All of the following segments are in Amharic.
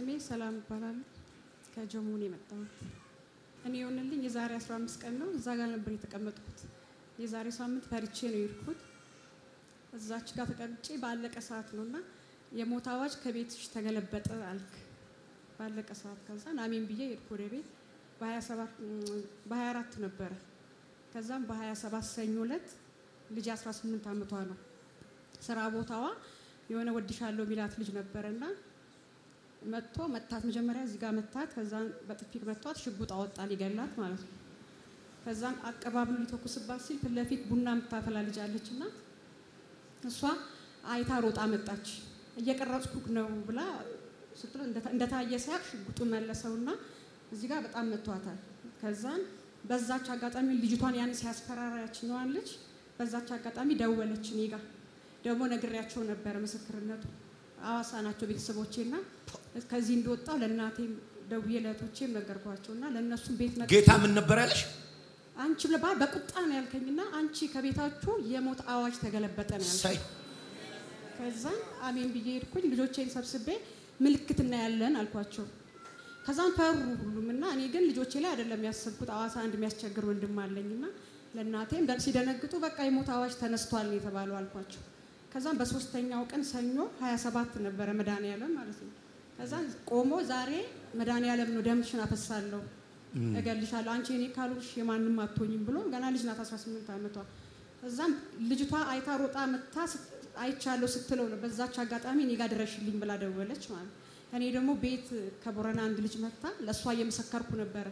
ስሜ ሰላም ይባላል። ከጀሙን የመጣሁት እኔ የሆንልኝ የዛሬ 15 ቀን ነው። እዛ ጋር ነበር የተቀመጥኩት። የዛሬ ሳምንት ፈርቼ ነው የሄድኩት። እዛች ጋር ተቀምጬ ባለቀ ሰዓት ነው እና የሞት አዋጅ ከቤትሽ ተገለበጠ አልክ። ባለቀ ሰዓት ከዛ አሜን ብዬ ሄድኩ ወደ ቤት። በ24 ነበረ። ከዛም በ27 ሰኞ ዕለት ልጅ 18 ዓመቷ ነው ስራ ቦታዋ የሆነ ወድሻለሁ ሚላት ልጅ ነበረ እና መጥቶ መታት። መጀመሪያ እዚህ ጋር መታት። ከዛን በጥፊ መቷት፣ ሽጉጥ አወጣ ሊገላት ማለት ነው። ከዛን አቀባብሉ ሊተኩስባት ሲል ፊት ለፊት ቡና የምታፈላ ልጅ አለች እና እሷ አይታ ሮጣ መጣች። እየቀረጽኩ ነው ብላ ስትል እንደታየ ሳያቅ ሽጉጡ መለሰውና እዚህ ጋር በጣም መቷታል። ከዛን በዛች አጋጣሚ ልጅቷን ያን ሲያስፈራራች ነዋለች። በዛች አጋጣሚ ደወለች እኔ ጋ ደግሞ ነግሬያቸው ነበረ ምስክርነቱ አዋሳ ናቸው እና ከዚህ እንደወጣሁ ለእናቴም ደውዬ ለእህቶቼም እና ለእነሱም ቤት ጌታ ምን ነበር ያለሽ? አንቺ በቁጣ ነው ያልከኝና አንቺ ከቤታችሁ የሞት አዋጅ ተገለበጠ ነው ያልከኝ። ከዛ አሜን ብዬ ሄድኩኝ። ልጆቼን ሰብስቤ ምልክት እናያለን አልኳቸው። ከዛም ፈሩ ሁሉም እና እኔ ግን ልጆቼ ላይ አይደለም ያሰብኩት። አዋሳ አንድ የሚያስቸግር ወንድም አለኝና ለእናቴም ሲደነግጡ በቃ የሞት አዋጅ ተነስቷል የተባለው አልኳቸው። ከዛም በሶስተኛው ቀን ሰኞ 27 ነበረ መድኃኒዓለም ማለት ነው። ከዛ ቆሞ ዛሬ መድኃኒዓለም ነው ደምሽን አፈሳለሁ እገልሻለሁ አንቺ እኔ ካልሽ የማንም አትሆኝም ብሎ ገና ልጅ ናት 18 ዓመቷ። ከዛም ልጅቷ አይታ ሮጣ መታ አይቻለሁ ስትለው ነው በዛች አጋጣሚ እኔ ጋር ድረሽልኝ ብላ ደወለች ማለት እኔ ደግሞ ቤት ከቦረና አንድ ልጅ መታ ለእሷ እየመሰከርኩ ነበረ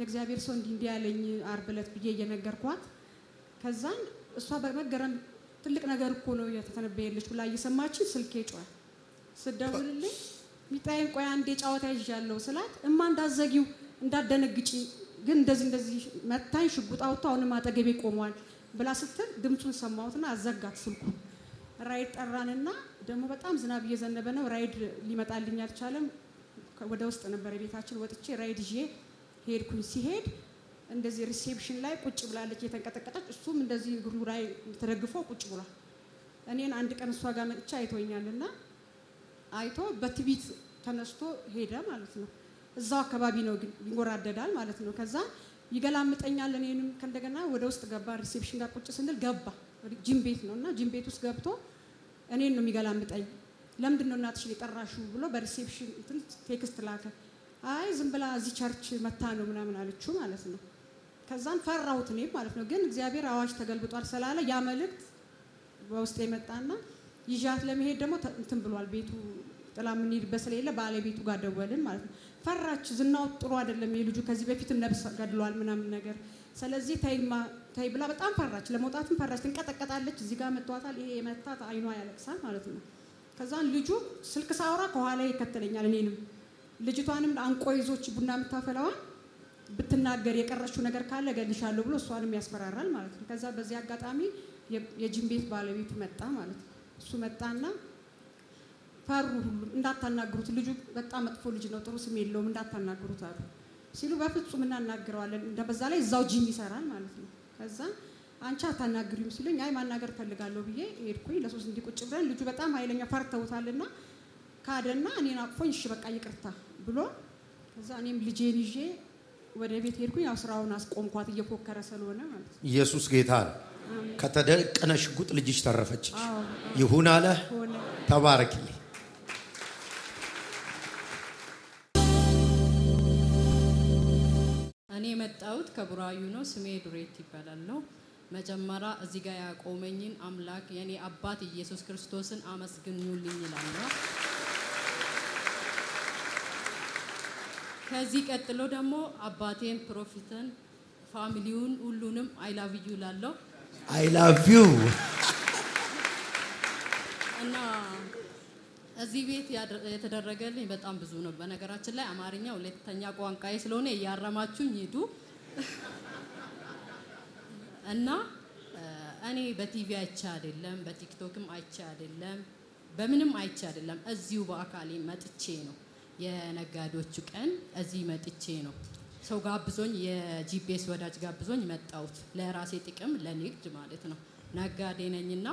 የእግዚአብሔር ሰው እንዲህ እንዲህ ያለኝ አርብ ዕለት ብዬ እየነገርኳት ከዛን እሷ በመገረም ትልቅ ነገር እኮ ነው የተተነበየልሽ ብላ እየሰማች ስልኬ ጮኸ። ስደውልልኝ ሚጣዬ ቆይ አንዴ ጨዋታ ይዣለሁ ስላት እማ እንዳዘጊው እንዳደነግጪ ግን እንደዚህ እንደዚህ መታኝ፣ ሽጉጥ አውጥቶ አሁንም አጠገቤ ቆሟል ብላ ስትል ድምፁን ሰማሁትና አዘጋት ስልኩ። ራይድ ጠራንና ደግሞ በጣም ዝናብ እየዘነበ ነው። ራይድ ሊመጣልኝ አልቻለም። ወደ ውስጥ ነበር ቤታችን። ወጥቼ ራይድ ይዤ ሄድኩኝ። ሲሄድ እንደዚህ ሪሴፕሽን ላይ ቁጭ ብላለች የተንቀጠቀጠች። እሱም እንደዚህ እግሩ ላይ ተደግፎ ቁጭ ብሏል። እኔን አንድ ቀን እሷ ጋር መጥቻ አይቶኛል እና አይቶ በትቢት ተነስቶ ሄደ ማለት ነው። እዛው አካባቢ ነው ይንጎራደዳል ማለት ነው። ከዛ ይገላምጠኛል እኔንም ከእንደገና ወደ ውስጥ ገባ። ሪሴፕሽን ጋር ቁጭ ስንል ገባ። ጅም ቤት ነው እና ጅም ቤት ውስጥ ገብቶ እኔን ነው የሚገላምጠኝ። ለምንድን ነው እናትሽን የጠራሹ ብሎ በሪሴፕሽን ቴክስት ላከ። አይ ዝም ብላ እዚህ ቸርች መታ ነው ምናምን አለችው ማለት ነው። ከዛን ፈራሁት እኔም ማለት ነው። ግን እግዚአብሔር አዋጅ ተገልብጧል ስላለ ያ መልእክት በውስጥ የመጣና ይዣት ለመሄድ ደግሞ እንትን ብሏል። ቤቱ ጥላ የምንሄድበት ስለሌለ ባለቤቱ ጋር ደወልን ማለት ነው። ፈራች። ዝናው ጥሩ አይደለም፣ የልጁ ከዚህ በፊትም ነብስ ገድሏል ምናምን ነገር። ስለዚህ ተይ ብላ በጣም ፈራች። ለመውጣትም ፈራች፣ ትንቀጠቀጣለች። እዚህ ጋር መቷታል። ይሄ የመታት አይኗ ያለቅሳል ማለት ነው። ከዛን ልጁ ስልክ ሳውራ ከኋላ ይከተለኛል፣ እኔንም ልጅቷንም አንቆይዞች ይዞች ቡና የምታፈላዋል ብትናገር የቀረችው ነገር ካለ ገልሻለሁ ብሎ እሷንም ያስፈራራል ማለት ነው። ከዛ በዚህ አጋጣሚ የጅም ቤት ባለቤቱ መጣ ማለት ነው። እሱ መጣና ፈሩ፣ ሁሉም እንዳታናግሩት፣ ልጁ በጣም መጥፎ ልጅ ነው፣ ጥሩ ስም የለውም፣ እንዳታናግሩት አሉ ሲሉ በፍጹም እናናግረዋለን፣ በዛ ላይ እዛው ጂም ይሰራል ማለት ነው። ከዛ አንቺ አታናግሪም ሲሉኝ አይ ማናገር ፈልጋለሁ ብዬ ሄድኩኝ። ለሶስት እንዲቁጭ ብለን ልጁ በጣም ኃይለኛ ፈርተውታልና ካደና እኔን አቅፎኝ እሺ በቃ ይቅርታ ብሎ ከዛ እኔም ልጄን ይዤ ወደ ቤት ሄድኩ። ያው ስራውን አስቆምኳት እየፎከረ ስለሆነ ማለት ኢየሱስ ጌታ ነው። ከተደቀነ ሽጉጥ ልጅሽ ተረፈች። ይሁን አለ። ተባረክ። እኔ የመጣሁት ከቡራዩ ነው። ስሜ ዱሬት ይባላል ነው። መጀመሪያ እዚህ ጋር ያቆመኝን አምላክ የኔ አባት ኢየሱስ ክርስቶስን አመስግኑልኝ ይላል። ከዚህ ቀጥሎ ደግሞ አባቴን ፕሮፊትን ፋሚሊውን ሁሉንም ዩ ላለው ዩ እና እዚህ ቤት የተደረገልኝ በጣም ብዙ ነው። በነገራችን ላይ አማርኛ ሁለተኛ ቋንቋዬ ስለሆነ እያረማችሁኝ ሂዱ እና እኔ በቲቪ አይቼ አይደለም፣ በቲክቶክም አይቼ አይደለም፣ በምንም አይቼ አይደለም። እዚሁ በአካሌ መጥቼ ነው የነጋዴዎቹ ቀን እዚህ መጥቼ ነው ሰው ጋብዞኝ የጂፒኤስ ወዳጅ ጋብዞኝ መጣሁት። ለራሴ ጥቅም ለንግድ ማለት ነው። ነጋዴ ነኝና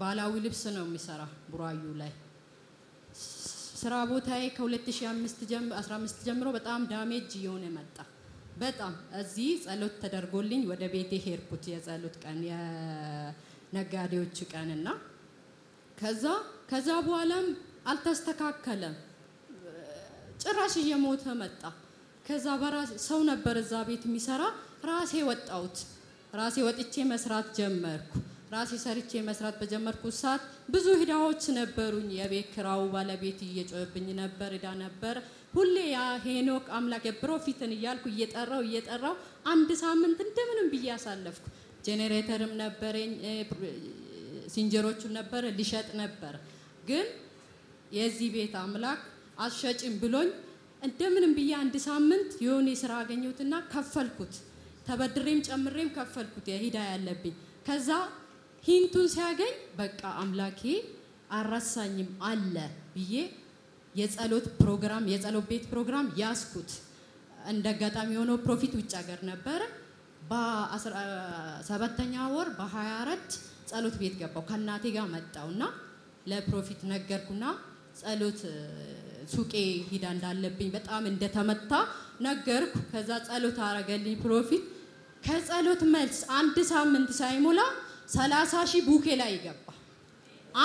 ባህላዊ ልብስ ነው የሚሰራ ቡራዩ ላይ ስራ ቦታዬ ከ2015 ጀምሮ በጣም ዳሜጅ እየሆነ መጣ። በጣም እዚህ ጸሎት ተደርጎልኝ ወደ ቤቴ ሄድኩት። የጸሎት ቀን የነጋዴዎች ቀንና ከዛ ከዛ በኋላም አልተስተካከለም። ጭራሽ እየሞተ መጣ። ከዛ ሰው ነበር እዛ ቤት የሚሰራ ራሴ ወጣሁት። ራሴ ወጥቼ መስራት ጀመርኩ። ራሴ ሰርቼ መስራት በጀመርኩ ሰዓት ብዙ ሂዳዎች ነበሩኝ። የቤት ክራው ባለቤት እየጮብኝ ነበር። እዳ ነበር ሁሌ ያ ሄኖክ አምላክ የፕሮፊትን እያልኩ እየጠራው እየጠራው አንድ ሳምንት እንደምንም ብዬ አሳለፍኩ። ጄኔሬተርም ነበረኝ፣ ሲንጀሮቹም ነበር፣ ሊሸጥ ነበር ግን የዚህ ቤት አምላክ አሸጭም ብሎኝ እንደምንም ብዬ አንድ ሳምንት የሆነ ስራ አገኘሁትና ከፈልኩት። ተበድሬም ጨምሬም ከፈልኩት የሂዳ ያለብኝ። ከዛ ሂንቱን ሲያገኝ በቃ አምላኬ አረሳኝም አለ ብዬ የጸሎት ፕሮግራም የጸሎት ቤት ፕሮግራም ያስኩት። እንደ አጋጣሚ የሆነው ፕሮፊት ውጭ ሀገር ነበረ። በሰባተኛ ወር በ24 ጸሎት ቤት ገባው ከእናቴ ጋር መጣውና ለፕሮፊት ነገርኩና ጸሎት ሱቄ ሂዳ እንዳለብኝ በጣም እንደተመታ ነገርኩ። ከዛ ጸሎት አረገልኝ ፕሮፊት። ከጸሎት መልስ አንድ ሳምንት ሳይሞላ ሰላሳ ሺህ ቡኬ ላይ ይገባ።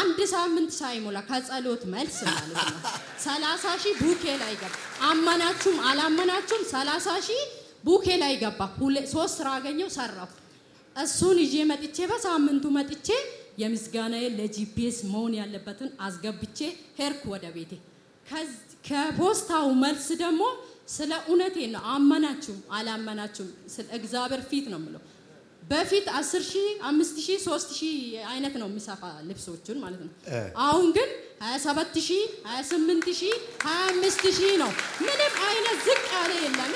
አንድ ሳምንት ሳይሞላ ከጸሎት መልስ ማለት ነው ሰላሳ ሺህ ቡኬ ላይ ገባ። አመናችሁም አላመናችሁም ሰላሳ ሺህ ቡኬ ላይ ገባ። ሶስት ስራ አገኘው ሰራሁ። እሱን ይዤ መጥቼ በሳምንቱ መጥቼ የምስጋናዬ ለጂፒኤስ መሆን ያለበትን አስገብቼ ሄርኩ ወደ ቤቴ። ከፖስታው መልስ ደግሞ ስለ እውነቴ ነው። አመናችሁም አላመናችሁም ስለ እግዚአብሔር ፊት ነው የምለው። በፊት 10 ሺህ 5 3 ሺህ አይነት ነው የሚሰፋ ልብሶችን ማለት ነው። አሁን ግን 27 ሺህ 28 ሺህ 25 ሺህ ነው። ምንም አይነት ዝቅ ያለ የለም።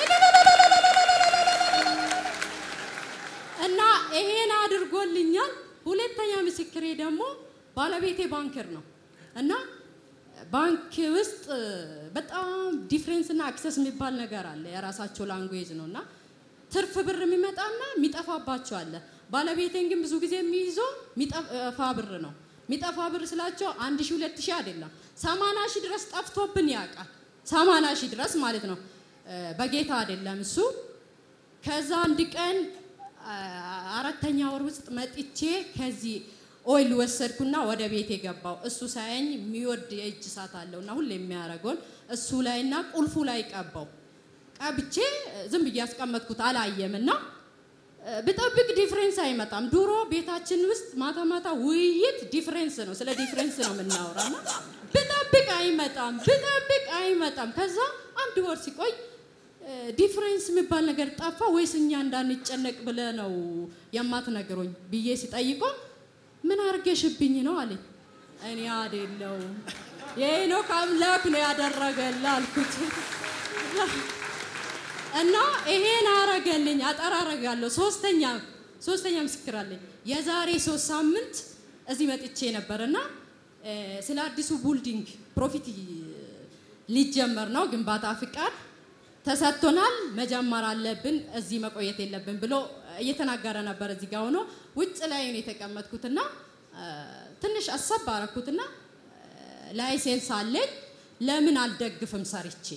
ደግሞ ባለቤቴ ባንከር ነው እና ባንክ ውስጥ በጣም ዲፍረንስ እና አክሰስ የሚባል ነገር አለ። የራሳቸው ላንጉዌጅ ነው እና ትርፍ ብር የሚመጣና የሚጠፋባቸው አለ። ባለቤቴን ግን ብዙ ጊዜ የሚይዞ የሚጠፋ ብር ነው። የሚጠፋ ብር ስላቸው አንድ ሺ ሁለት ሺ አይደለም፣ ሰማና ሺ ድረስ ጠፍቶብን ያውቃል። ሰማና ሺ ድረስ ማለት ነው። በጌታ አይደለም እሱ። ከዛ አንድ ቀን አራተኛ ወር ውስጥ መጥቼ ከዚህ ኦይል ወሰድኩና ወደ ቤት የገባው እሱ ሳያኝ የሚወድ የእጅ ሰዓት አለውና ሁሌ የሚያደርገውን እሱ ላይና ቁልፉ ላይ ቀባው። ቀብቼ ዝም ብዬ ያስቀመጥኩት አላየምና ብጠብቅ ዲፍረንስ አይመጣም። ድሮ ቤታችን ውስጥ ማታ ማታ ውይይት ዲፍረንስ ነው፣ ስለ ዲፍሬንስ ነው የምናወራና ብጠብቅ አይመጣም፣ ብጠብቅ አይመጣም። ከዛ አንድ ወር ሲቆይ ዲፍረንስ የሚባል ነገር ጠፋ ወይስ እኛ እንዳንጨነቅ ብለ ነው የማትነግሮኝ ብዬ ሲጠይቀው ምን አርገሽብኝ ነው አለኝ። እኔ አይደለሁም የሄኖክ አምላክ ነው ያደረገልን አልኩት። እና ይሄን አረገልኝ አጠራረጋለሁ። ሶስተኛ ሶስተኛ ምስክር አለኝ። የዛሬ ሶስት ሳምንት እዚህ መጥቼ ነበር እና ስለ አዲሱ ቡልዲንግ ፕሮፊት ሊጀመር ነው፣ ግንባታ ፍቃድ ተሰጥቶናል፣ መጀመር አለብን፣ እዚህ መቆየት የለብን ብሎ እየተናገረ ነበር። እዚህ ጋር ሆኖ ውጭ ላይ ነው የተቀመጥኩትና ትንሽ አሰብ አረኩትና ላይሴንስ አለኝ ለምን አልደግፍም ሰርቼ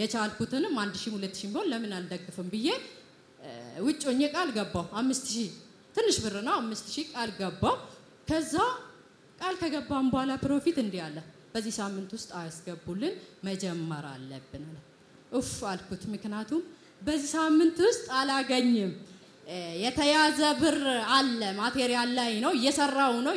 የቻልኩትንም አንድ ሺህ ሁለት ሺህ ቢሆን ለምን አልደግፍም ብዬ ውጭ ሆኜ ቃል ገባው አምስት ሺህ ትንሽ ብር ነው። አምስት ሺህ ቃል ገባው ከዛ ቃል ከገባም በኋላ ፕሮፊት እንዲህ አለ፣ በዚህ ሳምንት ውስጥ አያስገቡልን መጀመር አለብን አለ። ኡፍ አልኩት። ምክንያቱም በዚህ ሳምንት ውስጥ አላገኝም የተያዘ ብር አለ፣ ማቴሪያል ላይ ነው፣ እየሰራው ነው፣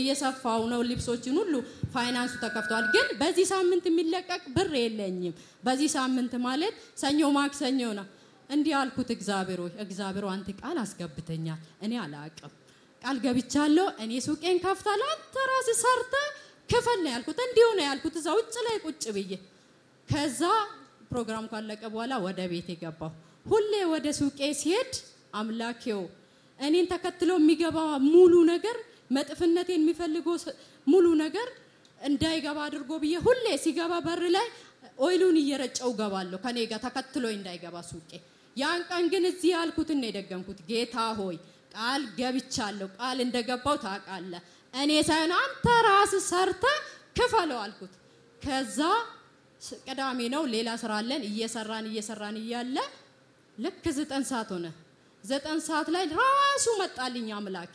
እየሰፋው ነው። ልብሶችን ሁሉ ፋይናንሱ ተከፍቷል። ግን በዚህ ሳምንት የሚለቀቅ ብር የለኝም። በዚህ ሳምንት ማለት ሰኞ፣ ማክሰኞ ነው። እንዲህ ያልኩት እግዚአብሔር ሆይ እግዚአብሔር አንተ ቃል አስገብተኛል፣ እኔ አላቅም፣ ቃል ገብቻለሁ፣ እኔ ሱቄን ከፍታለሁ፣ አንተ ራስ ሰርተ ክፈል ነው ያልኩት። እንዲሁ ነው ያልኩት፣ እዛ ውጭ ላይ ቁጭ ብዬ። ከዛ ፕሮግራም ካለቀ በኋላ ወደ ቤት የገባው ሁሌ ወደ ሱቄ ሲሄድ አምላኬው እኔን ተከትሎ የሚገባ ሙሉ ነገር መጥፍነቴን የሚፈልገው ሙሉ ነገር እንዳይገባ አድርጎ ብዬ ሁሌ ሲገባ በር ላይ ኦይሉን እየረጨው ገባለሁ ከኔ ጋር ተከትሎ እንዳይገባ ሱቄ። ያን ቀን ግን እዚህ ያልኩትን ነው የደገምኩት። ጌታ ሆይ ቃል ገብቻለሁ፣ ቃል እንደገባው ታውቃለህ። እኔ ሳይሆን አንተ ራስ ሰርተ ክፈለው አልኩት። ከዛ ቅዳሜ ነው ሌላ ስራ አለን። እየሰራን እየሰራን እያለ ልክ ዘጠኝ ሰዓት ሆነ። ዘጠን ሰዓት ላይ ራሱ መጣልኝ አምላኬ።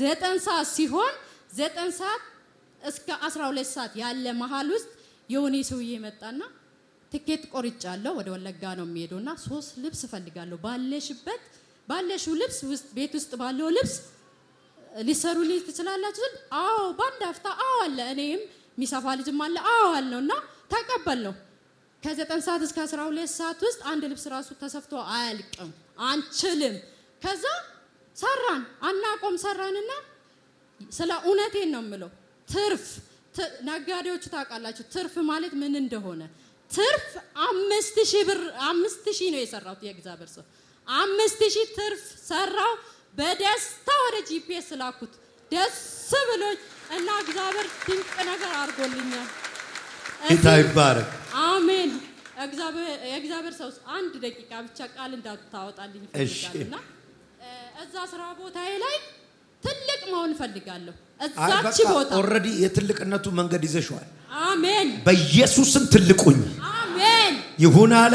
ዘጠን ሰዓት ሲሆን ዘጠን ሰዓት እስከ 12 ሰዓት ያለ መሀል ውስጥ የሆነ ሰውዬ መጣና ትኬት ቆርጫለሁ፣ ወደ ወለጋ ነው የሚሄደውና ሶስት ልብስ እፈልጋለሁ፣ ባለሽበት ባለሽው ልብስ ውስጥ ቤት ውስጥ ባለው ልብስ ሊሰሩልኝ ትችላላችሁ? አዎ፣ ባንድ አፍታ አዎ አለ። እኔም ሚሰፋ ልጅም አለ አዎ አልነውና ተቀበል ነው ከዘጠኝ ሰዓት እስከ ሁለት ሰዓት ውስጥ አንድ ልብስ ራሱ ተሰፍቶ አያልቅም፣ አንችልም። ከዛ ሰራን አናቆም ሰራንና ስለ እውነቴን ነው የምለው። ትርፍ ነጋዴዎቹ ታውቃላችሁ ትርፍ ማለት ምን እንደሆነ። ትርፍ አምስት ሺህ ብር አምስት ሺህ ነው የሰራሁት። የእግዚአብሔር ሰው አምስት ሺህ ትርፍ ሰራው። በደስታ ወደ ጂፒኤስ ላኩት ደስ ብሎኝ እና እግዚአብሔር ድንቅ ነገር አድርጎልኛል። ጌታ ይባረክ። የእግዚአብሔር ሰው አንድ ደቂቃ ብቻ ቃል እንዳታወጣልኝ ፈልጋለሁና እዛ ስራ ቦታዬ ላይ ትልቅ መሆን ፈልጋለሁ። እዛች ቦታ ኦልሬዲ የትልቅነቱ መንገድ ይዘሽዋል። አሜን። በኢየሱስም ትልቁኝ። አሜን። ይሁን አለ